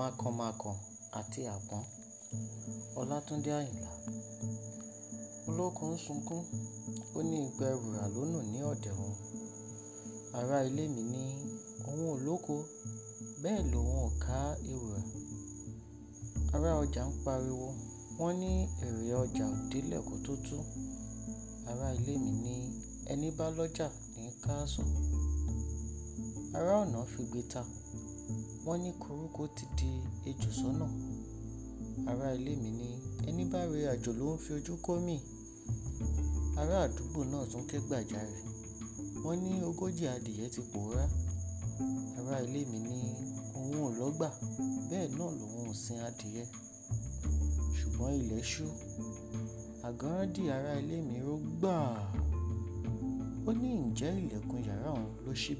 Mákanmákan àti Àpọ́n. Ọlátúndé Àyìnlá. Olóko ń sunkún, ó ní igba ẹrù rà ló nù ní ọ̀dẹ̀ òun. Ará ilé mi ní òun ò lóko, bẹ́ẹ̀ lòun ò ká ẹrù rà. Ará ọjà ń pariwo, wọ́n ní èrè ọjà ò délẹ̀ tó tú. Ará ilé mi ní ẹni bá lọ́jà ní káàsán. Ará ọ̀nà figbe ta wọ́n ní koríko ti di ejò sọ́nà ará ilé mi ní ẹni bá re àjò ló ń fi ojú kómì ará àdúgbò náà tún ké gbàjarè wọ́n ní ogójì adìyẹ ti pòórá ará ilé mi ní òun ò lọ́gbà bẹ́ẹ̀ náà lòun ò sin adìyẹ ṣùgbọ́n ilẹ̀ ṣú àgọ́rándì ará ilé mi ró gbàá ó ní ǹjẹ́ ilẹ̀kùn yàrá òun ló ṣí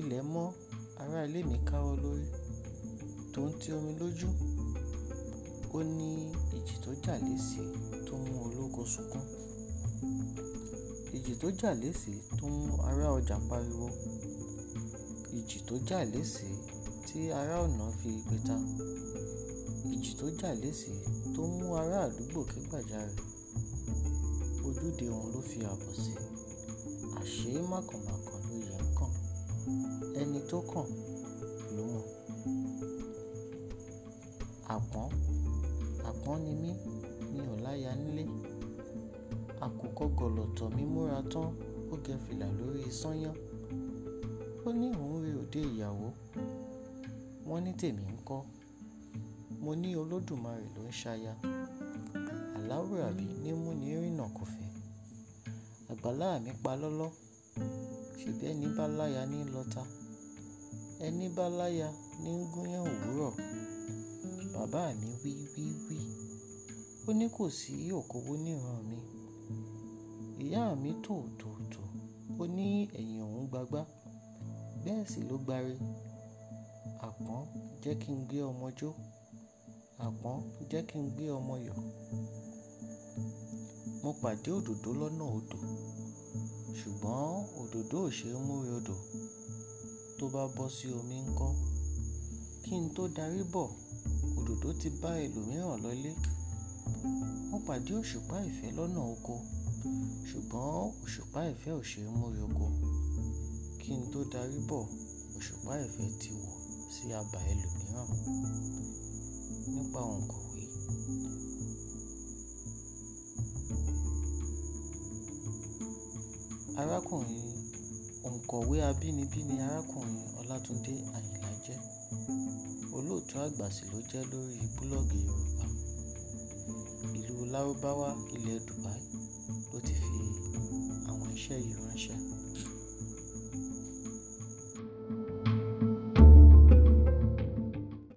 ilẹ̀ mọ́ ará ilé mi káwọ́ lórí tó ń ti omi lójú ó ní ìjì tó jà lésì tó mú ológo sunkún ìjì tó jà lésì tó mú ará ọjà pariwo ìjì tó jà lésì tí ará ọ̀nà fi gbẹta ìjì tó jà lésì tó mú ará àdúgbò kẹgbàjarè ojúde òun ló fi ààbò sí àṣé màkànmákàn ló yẹ ń kàn tó kàn ló mọ̀ àpọ́n àpọ́n ni mí mi ò láya nílé àkùkọ gọ̀lọ̀tọ̀ mi múra tán ó gẹ fìlà lórí sányán ó ní òun rí òde ìyàwó wọ́n ní tèmi ń kọ́ mo ní olódùmarè ló ń ṣaya aláwùrábí ní mú ní rìnà kò fẹ́ àgbàlá mi pa lọ́lọ́ ṣèbí ẹni bá láya ní lọ́ta. Ẹní bá láya ní ń gúnyán òwúrọ̀. Bàbá mi wí wí wí. Ó ní kò sí òkowó níran mi. Ìyá mi tò tò tò. Ó ní ẹ̀yìn òun gbagbá. Bẹ́ẹ̀ sì ló gbare. Àpọ́n jẹ́ kí n gbé ọmọ jó. Àpọ́n jẹ́ kí n gbé ọmọ yọ̀. Mo pàdé òdòdó lọ́nà odò. Ṣùgbọ́n òdòdó ò ṣe é mú odò tó bá bọ́ sí omi ńkọ́ kí n tó darí bọ̀ òdòdó ti bá ẹlòmíràn lọlé mo pàdé òṣùpá ìfẹ́ lọ́nà oko ṣùgbọ́n òṣùpá ìfẹ́ ò ṣe é múre oko kí n tó darí bọ̀ òṣùpá ìfẹ́ ti wọ̀ sí abà ẹlòmíràn nípa òǹkọ̀wé arákùnrin òǹkọ̀wé abínibí ni arákùnrin ọlátúndé àyìnlá jẹ́ olóòtú àgbà sì ló jẹ́ lórí búlọ́ọ̀gì yorùbá ìlú lárúbáwá ilẹ̀ dubai ló ti fi àwọn iṣẹ́ yìí ránṣẹ́